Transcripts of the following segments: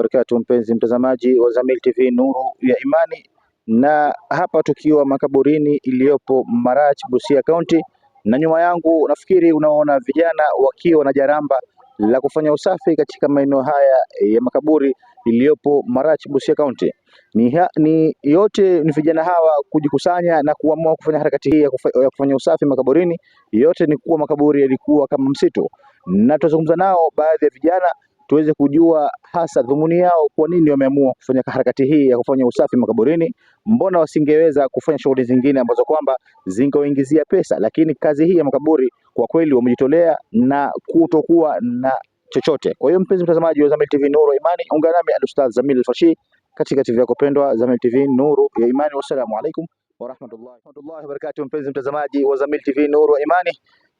wabarakatuh, mpenzi mtazamaji wa Zamyl TV Nuru ya Imani, na hapa tukiwa makaburini iliyopo Marach, Busia County, na nyuma yangu nafikiri unaona vijana wakiwa na jaramba la kufanya usafi katika maeneo haya ya makaburi iliyopo Marach, Busia County. Ni, ha, ni yote ni vijana hawa kujikusanya na kuamua kufanya harakati hii ya, ya kufanya usafi makaburini. Yote ni kuwa makaburi yalikuwa kama msitu, na tutazungumza nao baadhi ya vijana tuweze kujua hasa dhumuni yao, kwa nini wameamua kufanya harakati hii ya kufanya usafi makaburini. Mbona wasingeweza kufanya shughuli zingine ambazo kwamba zingewaingizia pesa? Lakini kazi hii ya makaburi kwa kweli wamejitolea na kutokuwa na chochote. Kwa hiyo mpenzi mtazamaji wa Zamyl TV Nuru ya Imani, ungana nami Alustadh Zamyl Alfashi katika TV yako pendwa Zamyl TV Nuru ya Imani. Wassalamu alaikum warahmatullahi wabarakatuh. Mpenzi mtazamaji wa Zamyl TV Nuru ya Imani.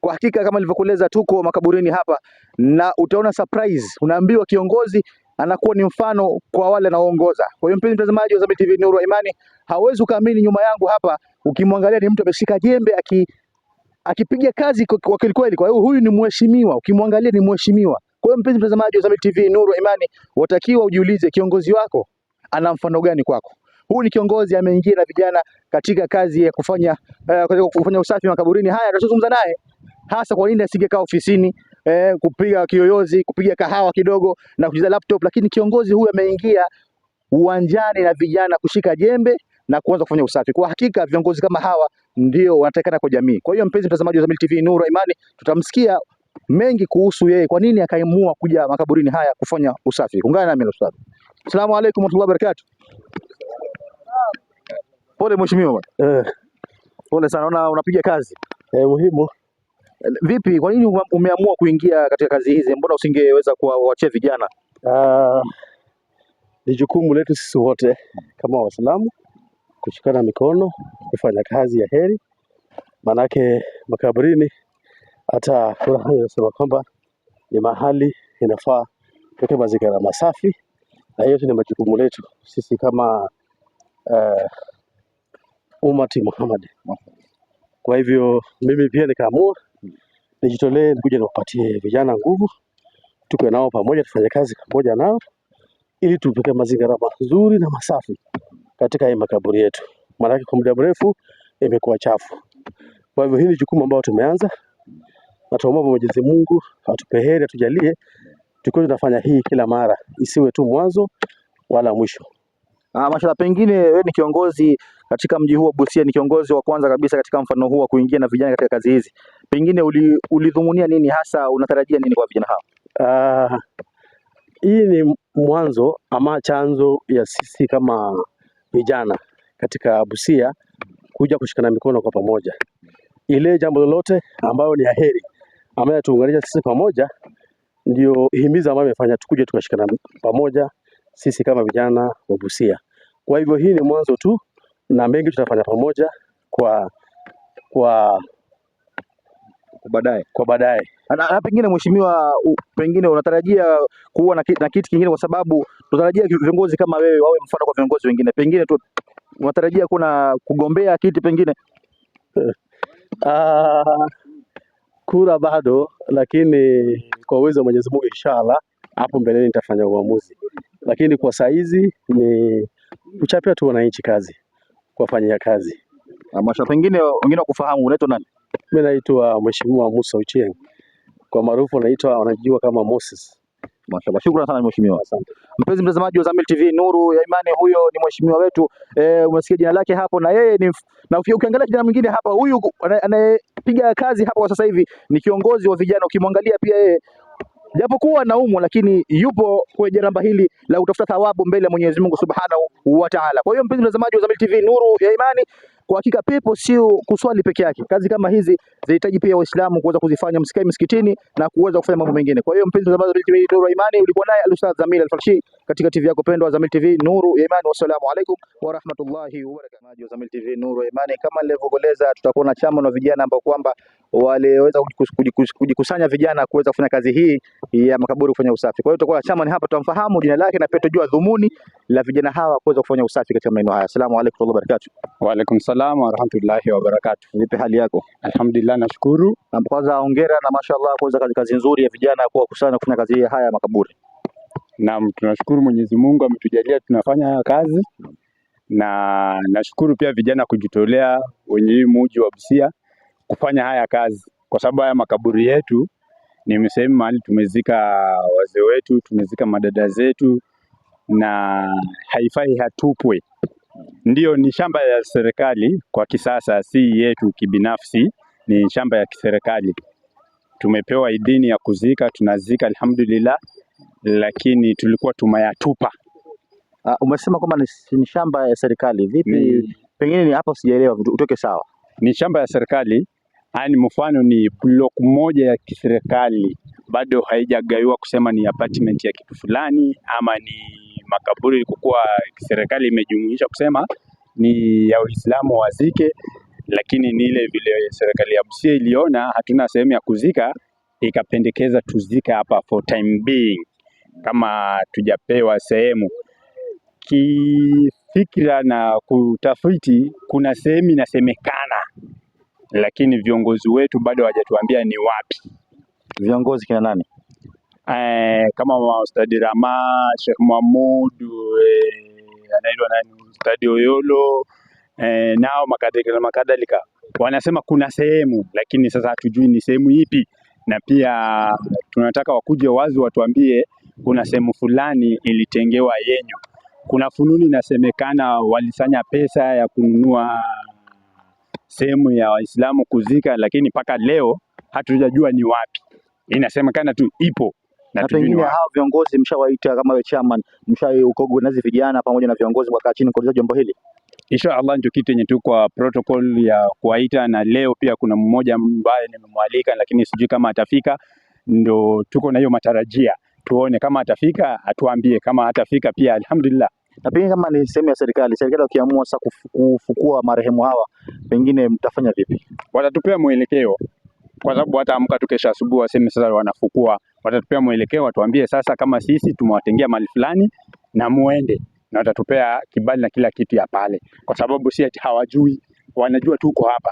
Kwa hakika kama nilivyokueleza, tuko makaburini hapa na utaona surprise. Unaambiwa kiongozi anakuwa ni mfano kwa wale anaoongoza. Kwa hiyo mpenzi mtazamaji wa Zamyl TV Nuru ya Imani, hauwezi ukaamini, nyuma yangu hapa ukimwangalia ni mtu ameshika jembe aki akipiga kazi kwa kweli kweli. Kwa hiyo huyu ni mheshimiwa, ukimwangalia ni mheshimiwa. Kwa hiyo mpenzi mtazamaji wa Zamyl TV Nuru ya Imani, watakiwa ujiulize kiongozi wako ana mfano gani kwako? Huyu ni kiongozi ameingia na vijana katika kazi ya kufanya, uh, kufanya usafi makaburini haya tutazungumza naye hasa kwa nini asingekaa ofisini eh, kupiga kiyoyozi, kupiga kahawa kidogo na kucheza laptop, lakini kiongozi huyu ameingia uwanjani na vijana kushika jembe na kuanza kufanya usafi. Kwa hakika viongozi kama hawa ndio wanatakikana kwa jamii. Kwa hiyo mpenzi mtazamaji wa Zamyl TV, Nuru Imani, tutamsikia mengi kuhusu yeye, kwa nini akaamua kuja makaburini haya kufanya usafi. Ungana nami ustadhi. Asalamu alaykum warahmatullahi wabarakatuh. Pole mheshimiwa. Eh. Pole sana, unapiga kazi eh, muhimu Vipi, kwa nini umeamua kuingia katika kazi hizi? Mbona usingeweza kuwaachia vijana? Ah, ni uh, jukumu letu sisi wote kama Waislamu kushikana mikono kufanya kazi ya heri, maanake makaburini, hata Qur'an inasema kwamba ni mahali inafaa kuweka mazingira masafi, na hiyo ni majukumu letu sisi kama uh, umati Muhammad. Kwa hivyo mimi pia nikaamua nijitolee nikuja niwapatie vijana nguvu, tupe nao pamoja, tufanye kazi pamoja nao ili tupike mazingira mazuri na masafi katika hii makaburi yetu, maanake kwa muda mrefu imekuwa chafu. Kwa hivyo hii ni jukumu ambalo tumeanza, na tuombe Mwenyezi Mungu atupe heri, atujalie tukiwa tunafanya hii kila mara, isiwe tu mwanzo wala mwisho. Ah, mashallah, pengine wewe ni kiongozi katika mji huu wa Busia, ni kiongozi wa kwanza kabisa katika mfano huu wa kuingia na vijana katika kazi hizi, pengine ulidhumunia uli nini hasa, unatarajia nini kwa vijana hao? Uh, hii ni mwanzo ama chanzo ya sisi kama vijana katika Busia kuja kushikana mikono kwa pamoja, ile jambo lolote ambayo ni yaheri ambayo tuunganisha sisi pamoja, ndio himiza ambayo imefanya tukuje tukashikana pamoja sisi kama vijana wa Busia. Kwa hivyo hii ni mwanzo tu na mengi tutafanya pamoja kwa kwa baadaye kwa baadaye. Na pengine mheshimiwa, pengine unatarajia kuwa na kitu kingine, kwa sababu tunatarajia viongozi kama wewe wawe mfano kwa viongozi wengine, pengine tu unatarajia kuna kugombea kiti pengine? Uh, kura bado, lakini kwa uwezo wa Mwenyezi Mungu inshallah hapo mbeleni nitafanya uamuzi lakini kwa saizi ni kuchapia tu wananchi kazi, kuwafanyia kazi. Masha, pengine wengine wakufahamu, unaitwa nani? Mimi naitwa Mheshimiwa Musa Ochieng, kwa maarufu naitwa wanajua kama Moses. Masha, shukrani sana mheshimiwa. Asante. Mpenzi mtazamaji wa Zamyl TV, nuru ya imani, huyo ni mheshimiwa wetu e, umesikia jina lake hapo, na yeye ni na ukiangalia jina mwingine hapa, huyu anayepiga kazi hapa kwa sasa hivi ni kiongozi wa vijana, ukimwangalia pia yeye japokuwa anaumwa, lakini yupo kwenye jaramba hili la kutafuta thawabu mbele ya Mwenyezi Mungu Subhanahu wa Ta'ala. Kwa hiyo mpenzi mtazamaji wa Zamyl TV, nuru ya imani kwa hakika pepo sio kuswali peke yake. Kazi kama hizi zinahitaji pia Waislamu kuweza kuzifanya, msikae msikitini na kuweza kufanya mambo mengine. Kwa hiyo mpenzi mtazamaji wa Nuru Imani, ulikuwa naye al Zamil Alfarshi katika TV yako pendwa Zamil TV Nuru ya Imani. Wassalamu alaikum wa rahmatullahi wa barakatuh. Zamil TV Nuru ya Imani, kama nilivyokueleza, tutakuwa na chama na vijana ambao kwamba waliweza kujikusanya vijana kuweza kufanya kazi hii ya makaburi kufanya usafi. Kwa hiyo tutakuwa na chama hapa, tutamfahamu jina lake na pia tujua dhumuni la vijana hawa kuweza kufanya usafi katika maeneo haya. Asalamu alaykum wa rahmatullahi wa barakatuh. Wa alaykum Assalamu warahmatullahi wabarakatuh. Vipi hali yako? Alhamdulillah, nashukuru. Na kwanza hongera na mashallah kuweza kazi nzuri ya vijana kuwa kusana kufanya kazi haya makaburi. Naam, tunashukuru Mwenyezi Mungu ametujalia tunafanya haya kazi na nashukuru pia vijana kujitolea wenye hii muji wa Busia kufanya haya kazi, kwa sababu haya makaburi yetu ni sehemu mahali tumezika wazee wetu, tumezika madada zetu, na haifai hatupwe. Ndiyo, ni shamba ya serikali kwa kisasa, si yetu kibinafsi, ni shamba ya kiserikali. Tumepewa idhini ya kuzika, tunazika alhamdulillah, lakini tulikuwa tumeyatupa. Uh, umesema kwamba ni shamba ya serikali vipi? Ni, pengine ni hapo sijaelewa, utoke sawa. Ni shamba ya serikali ani, mfano ni block moja ya kiserikali, bado haijagaiwa kusema ni apartment ya kitu fulani ama ni makaburi ilikuwa serikali imejumuisha kusema ni ya Uislamu wazike, lakini ni ile vile serikali ya Busia iliona hatuna sehemu ya kuzika, ikapendekeza tuzike hapa for time being, kama tujapewa sehemu kifikira na kutafiti. Kuna sehemu inasemekana, lakini viongozi wetu bado hawajatuambia ni wapi. Viongozi kina nani? eh, kama Ustadi Rama, Sheikh Mahmud eh, anaitwa nani, Ustadi Oyolo eh, nao makadhalika makadhalika, wanasema kuna sehemu, lakini sasa hatujui ni sehemu ipi, na pia tunataka wakuje wazi watuambie kuna sehemu fulani ilitengewa yenyu. Kuna fununi inasemekana walisanya pesa ya kununua sehemu ya Waislamu kuzika, lakini mpaka leo hatujajua ni wapi. Inasemekana tu ipo na, pengine hao viongozi mshawaita kama we chairman, mshaukogu nazi vijana pamoja na viongozi wakaa chini kueleza jambo hili? Insha Allah ndio kitu yenye tu kwa protocol ya kuwaita, na leo pia kuna mmoja ambaye nimemwalika, lakini sijui kama atafika. Ndo tuko na hiyo matarajia, tuone kama atafika, atuambie kama atafika pia, alhamdulillah. Na pengine kama ni sehemu ya serikali, serikali wakiamua sasa kufukua marehemu hawa, pengine mtafanya vipi? Watatupea mwelekeo kwa sababu wataamka tu kesho asubuhi waseme sasa wanafukua, watatupea mwelekeo, watuambie sasa kama sisi tumewatengea mali fulani na muende, na watatupea kibali na kila kitu ya pale, kwa sababu si ati hawajui, wanajua uko hapa.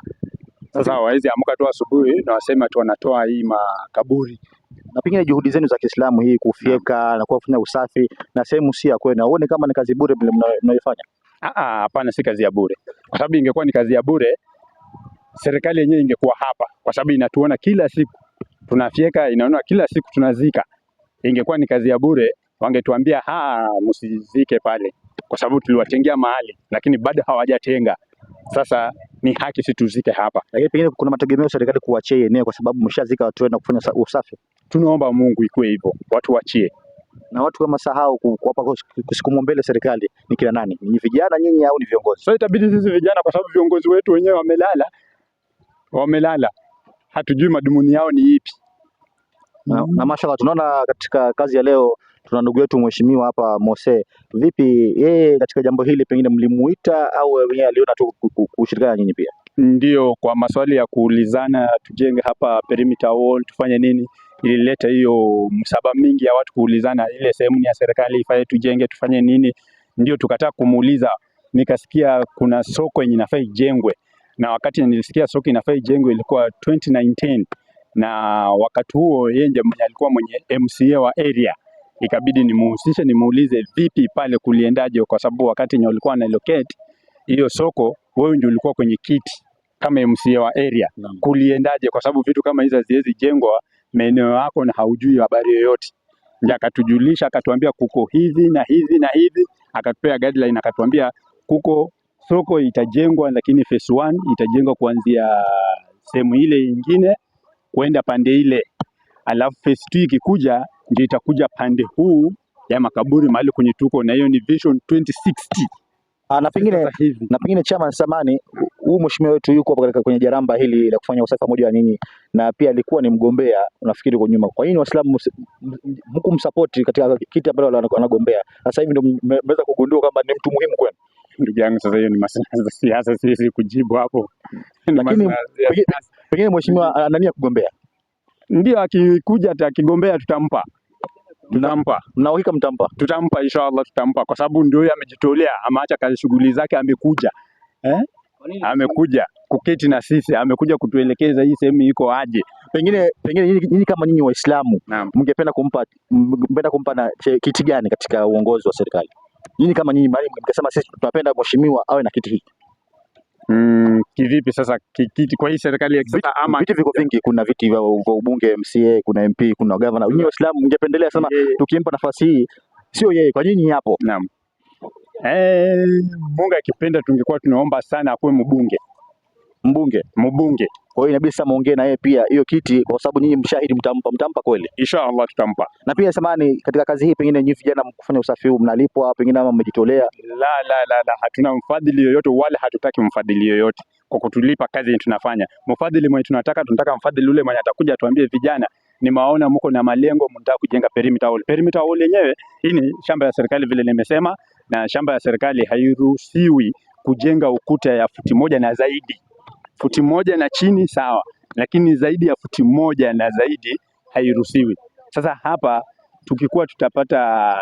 Sasa hawawezi amka tu asubuhi na wasema tu wanatoa hii makaburi na pengine juhudi zenu za Kiislamu hii kufyeka na kufanya usafi na sehemu si ya kwenu, uone kama ni kazi bure mnayofanya. Ah, ah, hapana, si kazi ya bure, kwa sababu ingekuwa ni kazi ya bure serikali yenyewe ingekuwa hapa, kwa sababu inatuona kila siku tunafyeka, inaona kila siku tunazika, ingekuwa ni kazi ya bure. Wangetuambia ha, msizike pale, kwa sababu tuliwatengea mahali, lakini bado hawajatenga. Sasa ni haki si tuzike hapa, lakini pengine kuna mategemeo serikali kuwachia eneo, kwa sababu mshazika watu wenu kufanya usafi. Tunaomba Mungu ikuwe hivyo, watu wachie na watu kama sahau kuwapa kusukumwa mbele serikali. Ni kila nani? Ni vijana nyinyi au ni viongozi? so, itabidi sisi vijana, kwa sababu viongozi wetu wenyewe wamelala wamelala, hatujui madhumuni yao ni ipi. Na, na mashallah tunaona katika kazi ya leo tuna ndugu yetu mheshimiwa hapa Mose. Vipi yeye katika jambo hili, pengine mlimuita au wenyewe aliona tu kushirikiana nyinyi pia? Ndio, kwa maswali ya kuulizana, tujenge hapa perimeter wall, tufanye nini, ilileta hiyo msaba mingi ya watu kuulizana, ile sehemu ni ya serikali, ifanye tujenge, tufanye nini, ndio tukataka kumuuliza. Nikasikia kuna soko yenye inafaa ijengwe na wakati nilisikia soko inafaa ijengwe ilikuwa 2019 na wakati huo yeye ndiye alikuwa mwenye MCA wa area, ikabidi nimuhusishe nimuulize vipi pale kuliendaje, kwa sababu wakati yenye alikuwa na locate hiyo soko, wewe ndio ulikuwa kwenye kiti kama MCA wa area, kuliendaje? Kwa sababu vitu kama hizo haziwezi jengwa maeneo yako na haujui habari yoyote. ndio akatujulisha akatuambia, kuko hivi na hivi na hivi, akatupea guideline akatuambia kuko soko itajengwa, lakini phase one itajengwa kuanzia sehemu ile nyingine kwenda pande ile, alafu phase two ikikuja ndio itakuja pande huu ya makaburi mahali kwenye tuko, na hiyo ni Vision 2060. Ah, na pengine na pengine chama samani huu mheshimiwa wetu yuko hapa katika kwenye jaramba hili la kufanya usafi pamoja na nyinyi, na pia alikuwa ni mgombea unafikiri kwa nyuma. Kwa nini Waislamu mkumsapoti katika kiti ambacho anagombea sasa hivi? Ndio mmeweza kugundua kwamba ni mtu muhimu kwenu? ndugu yangu, sasa hiyo ni masuala ya siasa, siwezi kujibu hapo. Lakini pengine mheshimiwa nani kugombea, ndio akikuja akigombea, tutampa tutampa na uhakika mtampa? Tutampa inshallah, tutampa kwa sababu ndio yeye amejitolea, ameacha kazi shughuli zake, amekuja eh? amekuja kuketi na sisi, amekuja kutuelekeza hii sehemu iko aje. Pengine pengine nyinyi kama nyinyi Waislamu mngependa kumpa mngependa kumpa na kiti gani katika uongozi wa serikali? Nyinyi kama nyinyi mwalimu mkisema sisi tunapenda mheshimiwa awe na kiti hiki. Mm, kivipi sasa kiti kwa hii serikali ya kisasa ama viti viko vingi, kuna viti vya ubunge, MCA, kuna MP, kuna gavana. Nyinyi Waislamu mngependelea sana tukimpa nafasi hii, sio yeye, kwa nyinyi hapo. Naam. Eh, Mungu akipenda tungekuwa tunaomba sana akuwe mbunge. Mbunge. Mbunge. Kwa hiyo inabidi sasa muongee na yeye pia hiyo kiti, kwa sababu nyinyi mshahidi, mtampa mtampa kweli? Inshallah tutampa. Na pia samani, katika kazi hii pengine nyinyi vijana mkufanya usafi huu mnalipwa pengine ama mmejitolea? La, la, la, la, hatuna mfadhili yoyote wala hatutaki mfadhili yoyote kwa kutulipa kazi tunafanya. Mfadhili mwenye tunataka tunataka mfadhili yule mwenye atakuja atuambie, vijana nimewaona mko na malengo, mnataka kujenga perimeter wall. Perimeter wall yenyewe hii ni shamba ya serikali vile nimesema, na shamba ya serikali hairuhusiwi kujenga ukuta ya futi moja na zaidi futi moja na chini sawa, lakini zaidi ya futi moja na zaidi hairuhusiwi. Sasa hapa tukikuwa tutapata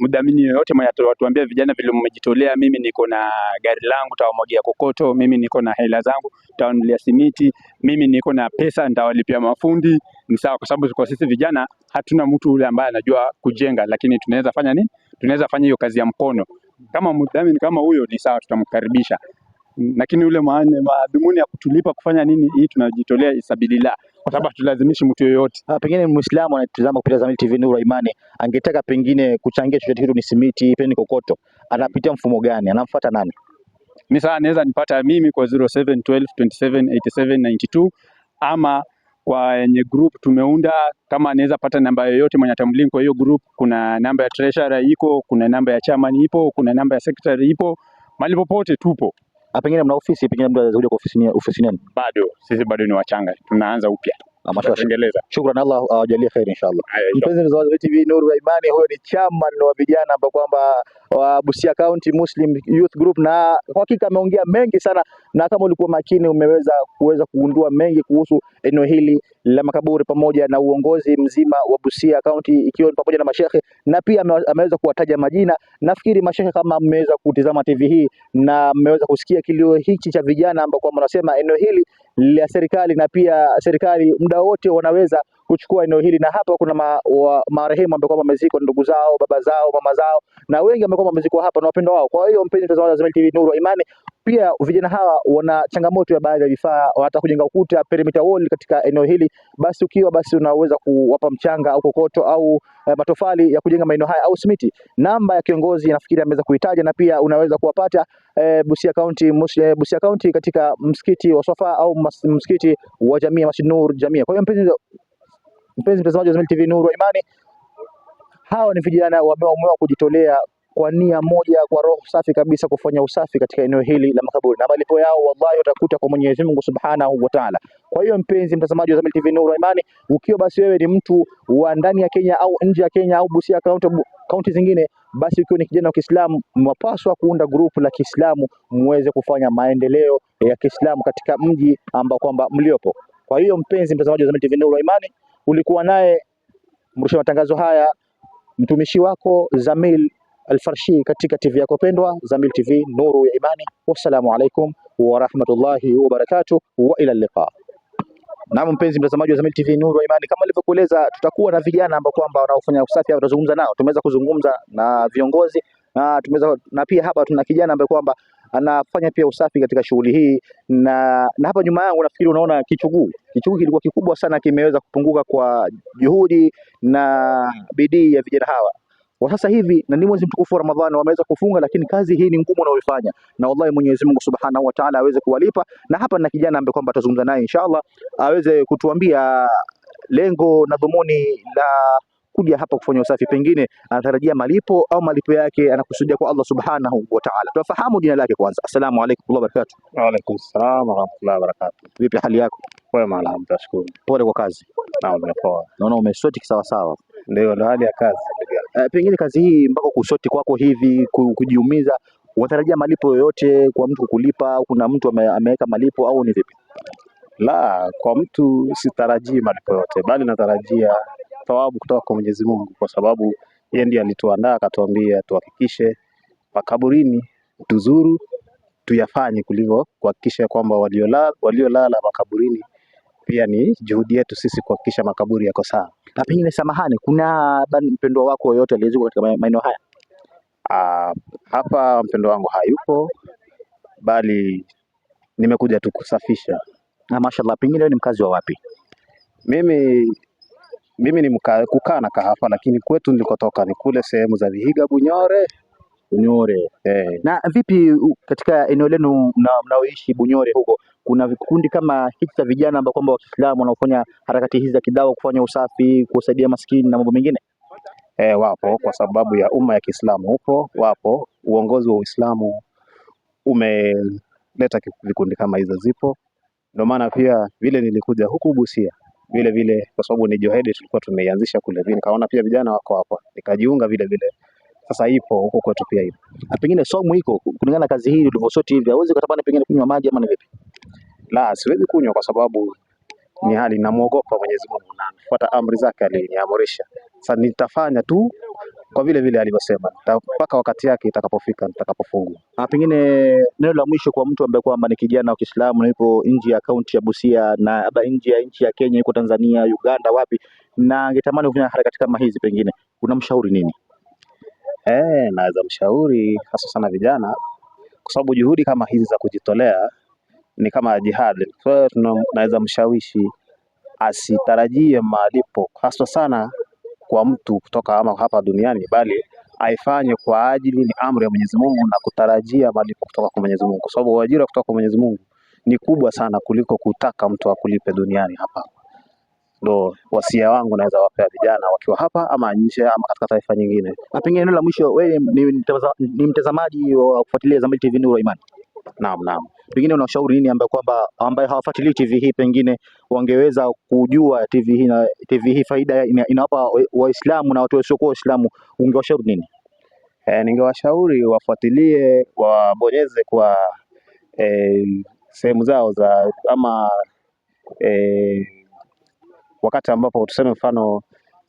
mdhamini yoyote mwenye watuambia vijana vile mmejitolea, mimi niko na gari langu tawamwagia kokoto, mimi niko na hela zangu tawanulia simiti, mimi niko na pesa nitawalipia mafundi, ni sawa, kwa sababu kwa sisi vijana hatuna mtu ule ambaye anajua kujenga, lakini tunaweza fanya nini? Tunaweza fanya hiyo kazi ya mkono. Kama mdhamini kama huyo ni sawa, tutamkaribisha, lakini ule madhumuni ya kutulipa kufanya nini, hii tunajitolea isabilila kwa sababu hatulazimishi mtu yoyote. Ah, pengine Muislamu anatazama kupitia Zamyl TV Nuru Imani, angetaka pengine kuchangia chochote kitu, ni simiti peni kokoto, anapitia mfumo gani? Anamfuata nani? Mi saa naweza nipata mimi kwa 0712278792 ama kwa yenye group tumeunda, kama anaweza pata namba yoyote mwenye atamlink kwa hiyo group. Kuna namba ya treasurer iko, kuna namba ya chairman ipo, kuna namba ya secretary ipo, mali popote tupo. Ah, pengine mna ofisi, pengine mtu atakuja kwa ofisini ofisini? Bado sisi bado ni wachanga, tunaanza upya na Shukran, Allah awajalie kheri inshallah. Mpenzi mtazamaji wa TV Nuru ya Imani, huyo ni chairman wa vijana ambao kwamba wa Busia County Muslim Youth Group, na kwa hakika ameongea mengi sana, na kama ulikuwa makini umeweza kuweza kugundua mengi kuhusu eneo hili la makaburi pamoja na uongozi mzima wa Busia County ikiwa ni pamoja na mashehe, na pia ameweza kuwataja majina. Nafikiri mashehe, kama mmeweza kutizama TV hii na mmeweza kusikia kilio hichi cha vijana ambao kwamba wanasema eneo hili la serikali na pia serikali muda wote wanaweza kuchukua eneo hili, na hapa kuna ma, wa, marehemu ambao kwamba wamezikwa ndugu zao, baba zao, mama zao, na wengi ambao kwamba wamezikwa hapa na wapendwa wao. Kwa hiyo mpenzi mtazamaji wa Azam TV, Nuru Imani, pia vijana hawa wana changamoto ya baadhi ya vifaa, wanataka kujenga ukuta perimeter wall katika eneo hili, basi ukiwa basi unaweza kuwapa mchanga au kokoto au eh, matofali ya kujenga maeneo haya au simiti. Namba ya kiongozi nafikiri ameweza kuitaja, na pia unaweza kuwapata eh, Busia County, Mus, eh, Busia County katika msikiti wa Swafa au mas, msikiti wa Jamia Masjid Nur Jamia. Kwa hiyo mpenzi Mpenzi mtazamaji wa Zamyl TV Nuru Imani, hawa ni vijana wameamua kujitolea kwa nia moja, kwa roho safi kabisa, kufanya usafi katika eneo hili la makaburi, na malipo yao wallahi utakuta kwa Mwenyezi Mungu Subhanahu wa Ta'ala. Kwa hiyo mpenzi mtazamaji wa Zamyl TV Nuru Imani, ukiwa basi wewe ni mtu wa ndani ya Kenya au nje ya Kenya au Busia kaunti kaunti zingine, basi ukiwa ni kijana wa Kiislamu, mwapaswa kuunda grupu la Kiislamu muweze kufanya maendeleo ya Kiislamu katika mji ambao kwamba mliopo. Kwa hiyo mpenzi mtazamaji wa Zamyl TV Nuru Imani Ulikuwa naye mrusha matangazo haya mtumishi wako Zamil Alfarshi katika TV yako pendwa Zamil TV, nuru ya imani. Wassalamu alaikum warahmatullahi wabarakatuh wa ila liqa. Naam, mpenzi mtazamaji wa Zamil TV nuru ya imani, kama nilivyokueleza, tutakuwa na vijana ambao kwamba wanaofanya usafi hapa, tutazungumza nao. Tumeweza kuzungumza na viongozi na tumeweza na pia hapa tuna kijana ambaye kwamba anafanya pia usafi katika shughuli hii na, na hapa nyuma yangu nafikiri unaona kichuguu. Kichuguu kilikuwa kikubwa sana, kimeweza kupunguka kwa juhudi na bidii ya vijana hawa kwa sasa hivi, na ni mwezi mtukufu wa Ramadhani, wameweza kufunga, lakini kazi hii ni ngumu unaoifanya na wallahi Mwenyezi Mungu Subhanahu wa Ta'ala aweze kuwalipa. Na hapa na kijana ambaye kwamba atazungumza naye inshallah aweze kutuambia lengo na dhumuni la anakuja hapa kufanya usafi, pengine anatarajia malipo au malipo yake anakusudia kwa Allah subhanahu wa ta'ala. Tunafahamu jina lake kwanza. Asalamu alaykum wa barakatuh. Wa alaykum salaam wa rahmatullahi wa barakatuh. Vipi hali yako? Wema, alhamdulillah, shukuru. Pole kwa kazi. Naam, poa. Naona umesoti kisawa sawa. Ndio, ndio hali ya kazi. Uh, pengine kazi hii mpaka kusoti kwako hivi kujiumiza, unatarajia malipo yoyote kwa mtu kukulipa? Kuna mtu ameweka malipo au ni vipi? La, kwa mtu sitarajii malipo yote, bali natarajia thawabu kutoka kwa Mwenyezi Mungu, kwa sababu yeye ndiye alituandaa, akatuambia tuhakikishe makaburini tuzuru tuyafanye, kulivyo kuhakikisha kwamba waliolala waliolala makaburini pia ni juhudi yetu sisi kuhakikisha makaburi yako sawa. Na pengine, samahani, kuna mpendwa wako yoyote aliyezikwa katika maeneo haya? Aa, ah, hapa mpendwa wangu hayupo, bali nimekuja tu kusafisha. Na mashallah, pengine wewe ni mkazi wa wapi? Mimi mimi ni kukaa na kahafa, lakini kwetu nilikotoka ni kule sehemu za Vihiga, Bunyore. Bunyore. Eh. Na vipi katika eneo lenu mnaoishi Bunyore huko kuna vikundi kama hiki cha vijana ambao kwamba wa Kiislamu wanaofanya harakati hizi za kidawa, kufanya usafi, kusaidia maskini na mambo mengine? Eh, wapo kwa sababu ya umma ya Kiislamu huko wapo. Uongozi wa Uislamu umeleta vikundi kama hizo zipo, ndio maana pia vile nilikuja huku Busia vile vile kwa sababu ni johedi tulikuwa tumeianzisha kule vile, nikaona pia vijana wako hapa, nikajiunga vile vile. Sasa ipo huko kwetu pia hivi. Na pengine somo iko kulingana na kazi hii ulivyosoti hivi, hauwezi kutamani pengine kunywa maji ama ni vipi? La, siwezi kunywa kwa sababu ni hali namuogopa Mwenyezi Mungu na nafuata amri zake aliniamurisha. Sasa nitafanya tu kwa vile vile alivyosema mpaka wakati yake itakapofika nitakapofungwa. Na pengine neno la mwisho kwa mtu ambaye kwamba ni kijana wa Kiislamu na yupo nje ya kaunti ya Busia na nje ya nchi ya Kenya, yuko Tanzania, Uganda, wapi, na angetamani kufanya harakati kama hizi, pengine unamshauri nini? Eh, naweza mshauri hasa sana vijana, kwa sababu juhudi kama hizi za kujitolea ni kama jihad. So, naweza mshawishi asitarajie malipo haswa sana kwa mtu kutoka ama hapa duniani, bali aifanye kwa ajili ni amri ya Mwenyezi Mungu na kutarajia malipo kutoka kwa Mwenyezi Mungu, kwa sababu uajira kutoka kwa Mwenyezi Mungu ni kubwa sana kuliko kutaka mtu akulipe duniani hapa. Ndo wasia wangu naweza wapea vijana wakiwa hapa ama nje ama katika taifa nyingine. Na pengine neno la mwisho, wewe ni mtazamaji wa kufuatilia Zambili TV Nuru Imani. Naam, naam. Pengine ushauri nini ambaye kwamba ambaye hawafuatilii TV hii pengine wangeweza kujua TV hii na TV hii faida inawapa Waislamu na watu wasiokuwa Waislamu ungewashauri nini? E, ningewashauri wafuatilie, wabonyeze kwa e, sehemu zao za ama e, wakati ambapo tuseme mfano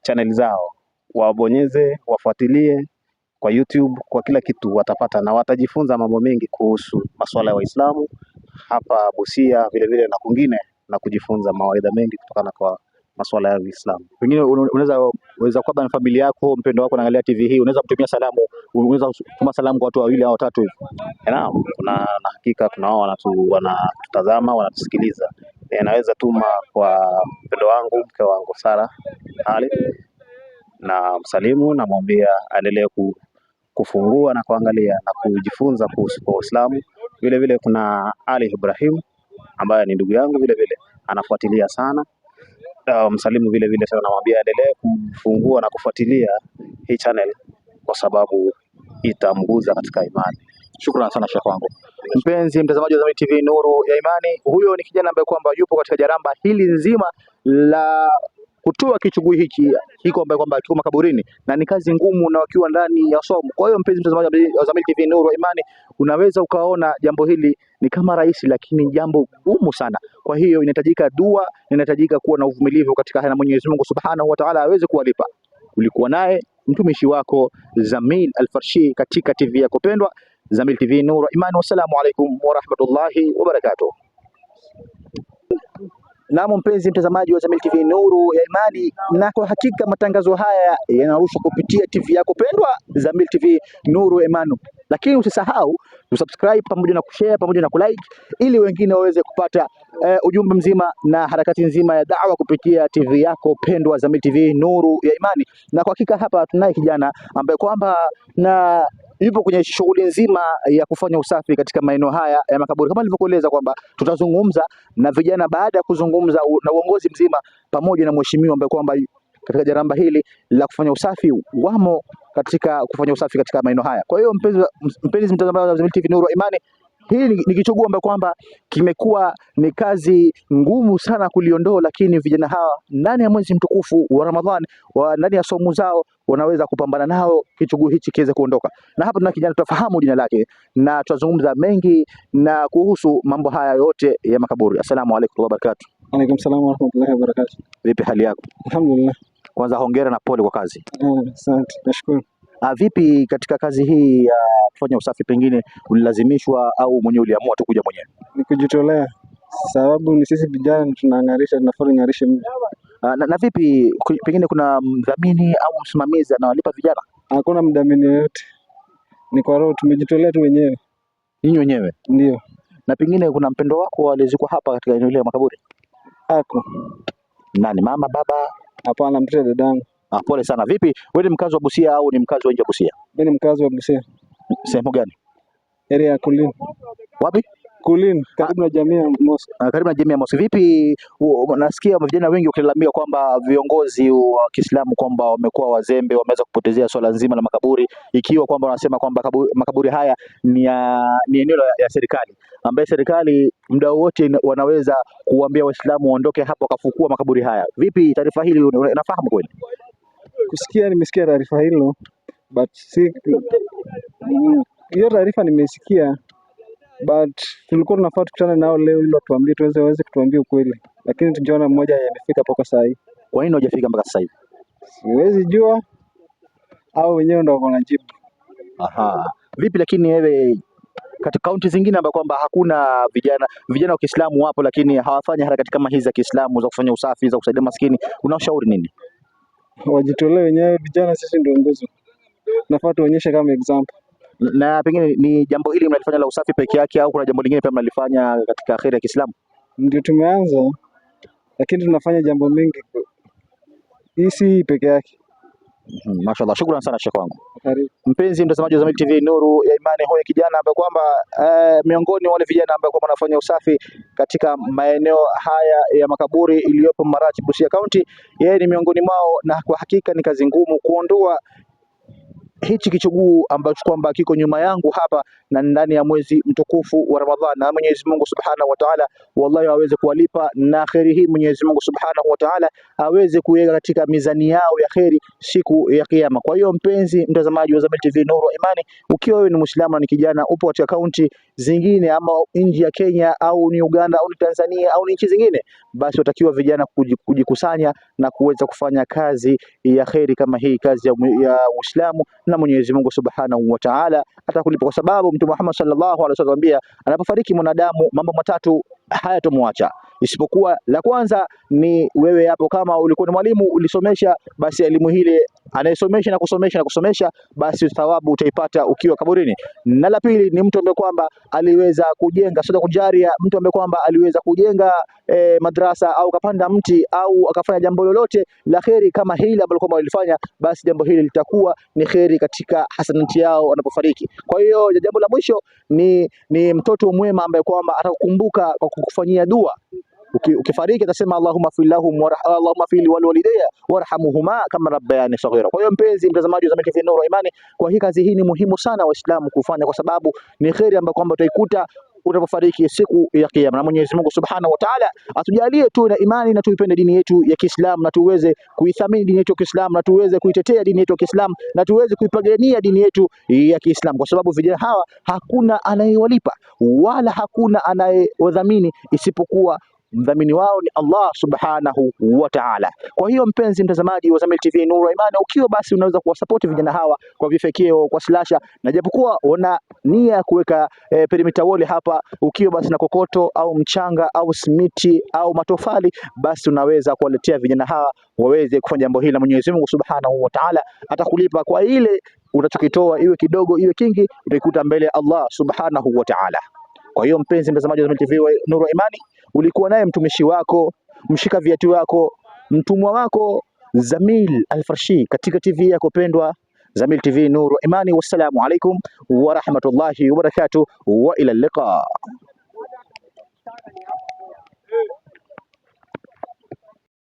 chaneli zao wabonyeze, wafuatilie kwa YouTube, kwa kila kitu watapata na watajifunza mambo mengi kuhusu masuala ya Waislamu hapa Busia vilevile na kwingine na kujifunza mawaidha mengi kutokana kwa masuala ya Uislamu. Pengine unaweza unaweza kwa na familia yako mpendo wako naangalia TV hii, unaweza kutumia salamu, unaweza kutuma salamu kwa watu wawili au watatu hivi. Naam, kuna na hakika wanatu, wanatutazama, wanatusikiliza. Naweza tuma kwa mpendo wangu, mke wangu Sara Ali, na msalimu, namwambia aendelee ku kufungua na kuangalia na kujifunza kuhusu kwa Uislamu. Vile vile kuna Ali Ibrahim ambaye ni ndugu yangu, vile vile anafuatilia sana ah, msalimu. Um, vile vile sana namwambia endelee kufungua na kufuatilia hii channel kwa sababu itamguza katika imani. Shukrani sana shekhi wangu. Mpenzi mtazamaji wa Zamyl TV Nuru ya Imani, huyo ni kijana ambaye kwamba yupo katika jaramba hili nzima la kutoa kichuguu hiki kiko ambaye kwamba kiko makaburini na ni kazi ngumu na wakiwa ndani ya somo. Kwa hiyo mpenzi mtazamaji wa Zamyl TV Nuru Imani, unaweza ukaona jambo hili ni kama rahisi, lakini jambo gumu sana. Kwa hiyo inahitajika dua, inahitajika kuwa na uvumilivu katika haya, na Mwenyezi Mungu Subhanahu wa Ta'ala aweze kuwalipa. Ulikuwa naye mtumishi wako Zamyl Alfarshi katika TV yako pendwa Zamyl TV Nuru Imani. Wassalamu alaikum wa barakatuh. Naam, mpenzi mtazamaji wa Zamyl TV Nuru ya Imani, na kwa hakika matangazo haya yanarushwa kupitia TV yako pendwa Zamyl TV Nuru ya Imani, lakini usisahau kusubscribe pamoja na kushare pamoja na kulike ili wengine waweze kupata uh, ujumbe mzima na harakati nzima ya da'wa kupitia TV yako pendwa Zamyl TV Nuru ya Imani. Na kwa hakika hapa tunaye kijana ambaye kwamba na yupo kwenye shughuli nzima ya kufanya usafi katika maeneo haya ya makaburi, kama nilivyokueleza kwamba tutazungumza na vijana baada ya kuzungumza na uongozi mzima pamoja na mheshimiwa ambaye kwamba katika jaramba hili la kufanya usafi wamo katika kufanya usafi katika maeneo haya. Kwa hiyo mpenzi mpenzi mtazamaji wa Zamyl TV Nuru Imani Hili ni kichuguu ambayo kwamba kimekuwa ni kazi ngumu sana kuliondoa, lakini vijana hawa ndani ya mwezi mtukufu wa Ramadhani wa ndani ya somu zao wanaweza kupambana nao kichuguu hichi kiweze kuondoka. Na hapa tuna kijana tutafahamu jina lake na tutazungumza mengi na kuhusu mambo haya yote ya makaburi. Asalamu alaykum wa barakatuh. Alaykum salaam wa rahmatullahi wa barakatuh. Vipi hali yako? Alhamdulillah. Kwanza hongera na pole kwa kazi. Ah, asante. Nashukuru. A, ah, vipi katika kazi hii ya kufanya usafi, pengine ulilazimishwa au mwenyewe uliamua tu kuja mwenyewe? Nikujitolea sababu ni sisi vijana tunang'arisha, tunafaa ng'arisha mji. Ah, na, na vipi pengine kuna mdhamini au msimamizi anawalipa vijana? Hakuna mdhamini yoyote, ni kwa roho, tumejitolea tu wenyewe. Ninyi wenyewe ndio. Na pengine kuna mpendo wako alizikwa hapa katika eneo la makaburi? Ako nani, mama, baba? Hapana, mtoto dadangu. Ah, pole sana. Vipi, wewe ni mkazi wa Busia au ni mkazi wa nje ya Busia? Mimi ni mkazi wa Busia. Sehemu gani? Area ya Kulin. Wapi? Kulin, karibu na jamii ya Mosi. Ah, karibu na jamii ya Mosi. Vipi, nasikia vijana wengi wakilalamika kwamba viongozi wa Kiislamu kwamba wamekuwa wazembe, wameweza kupotezea swala nzima la makaburi, ikiwa kwamba wanasema kwamba makaburi haya ni, ya, ni eneo ya serikali ambaye serikali muda wote wanaweza kuambia Waislamu waondoke hapa wakafukua makaburi haya. Vipi, taarifa hili unafahamu kweli? kusikia, nimesikia taarifa hilo but si hiyo taarifa nimesikia, but tulikuwa tunafaa tukutane nao leo ili watuambie, tuweze waweze kutuambia ukweli, lakini tujaona mmoja amefika mpaka saa hii. Kwa nini hujafika mpaka sasa hivi? Siwezi jua, au wenyewe ndio wanajibu. Aha, vipi? Lakini wewe katika kaunti zingine ambapo kwamba hakuna vijana vijana wa Kiislamu wapo, lakini hawafanyi harakati kama hizi za Kiislamu za kufanya usafi, za kusaidia maskini, unaoshauri nini? wajitolee wenyewe. Vijana sisi ndio nguzo, nafaa tuonyeshe kama example. Na pengine ni jambo hili mnalifanya la usafi peke yake au kuna jambo lingine pia mnalifanya katika akhira ya Kiislamu? Ndio tumeanza, lakini tunafanya jambo mengi, hii si peke yake. Mhm, mashallah, shukran sana shekhi wangu. Mpenzi mtazamaji wa Zamyl TV, nuru ya imani, huyu kijana ambaye kwamba eh, miongoni wale vijana ambao kwamba wanafanya usafi katika maeneo haya ya makaburi iliyopo Marachi, Busia County, yeye ni miongoni mwao, na kwa hakika ni kazi ngumu kuondoa hichi kichuguu ambacho kwamba kiko nyuma yangu hapa, na ndani ya mwezi mtukufu wa Ramadhani, na Mwenyezi Mungu Subhanahu wa Ta'ala, wallahi aweze kuwalipa na kheri hii. Mwenyezi Mungu Subhanahu wa Ta'ala aweze kuweka katika mizani yao ya kheri siku ya Kiyama. Kwa hiyo mpenzi mtazamaji wa Zamyl TV Nuru Imani, ukiwa wewe ni Muislamu na ni kijana, upo katika kaunti zingine ama nje ya Kenya au ni Uganda au ni Tanzania au ni nchi zingine, basi watakiwa vijana kujikusanya na kuweza kufanya kazi ya kheri kama hii, kazi ya Uislamu na Mwenyezi Mungu Subhanahu wa Ta'ala atakulipa, kwa sababu Mtume Muhammad sallallahu alaihi wasallam anambia anapofariki mwanadamu mambo matatu hayatomwacha isipokuwa la kwanza ni wewe hapo, kama ulikuwa ni mwalimu ulisomesha, basi elimu hile anayesomesha na kusomesha na kusomesha, basi thawabu utaipata ukiwa kaburini. Na la pili ni mtu ambaye kwamba aliweza kujenga sadaqa jaria, mtu ambaye kwamba aliweza kujenga e, madrasa au kapanda mti au akafanya jambo lolote la kheri kama hili ambalo kwamba walifanya, basi jambo hili litakuwa ni kheri katika hasanati yao wanapofariki. Kwa hiyo jambo la mwisho ni, ni mtoto mwema ambaye kwamba atakukumbuka kwa kukufanyia dua ukifariki atasema allahumma fi filahum allahumma fi wal walidayya warhamuhuma kama rabbayani saghira. Kwa hiyo mpenzi mtazamaji wa Zamyl TV Nuru Imani, kwa hii kazi hii ni muhimu sana Waislamu kufanya, kwa sababu ni kheri ambayo kwamba utaikuta utakapofariki siku ya Kiyama, na Mwenyezi Mungu Subhanahu wa Ta'ala atujalie tu na imani na tuipende dini yetu ya Kiislamu na tuweze kuithamini dini yetu ya Kiislamu na tuweze kuitetea dini yetu ya Kiislamu na tuweze kuipigania dini yetu ya Kiislamu, kwa sababu vijana hawa hakuna anayewalipa wala hakuna anayewadhamini isipokuwa mdhamini wao ni Allah subhanahu wa ta'ala. Kwa hiyo mpenzi mtazamaji wa Zamyl TV Nuru Imani, ukiwa basi unaweza kuwasapoti vijana hawa kwa vifekeo, kwa slasha na japokuwa una nia ya kuweka e, perimeter wall hapa, ukiwa basi na kokoto au mchanga au simiti au matofali, basi unaweza kuwaletea vijana hawa waweze kufanya jambo hili, na Mwenyezi Mungu Subhanahu wa Ta'ala atakulipa kwa ile unachokitoa, iwe kidogo iwe kingi, utaikuta mbele ya Allah Subhanahu wa Ta'ala. Kwa hiyo mpenzi mtazamaji wa Zamyl TV Nuru Imani ulikuwa naye mtumishi wako mshika viatu wako mtumwa wako Zamil Alfarshi katika TV yako pendwa Zamil TV Nuru Imani. Wassalamu alaikum warahmatullahi wabarakatuh wa ila liqa.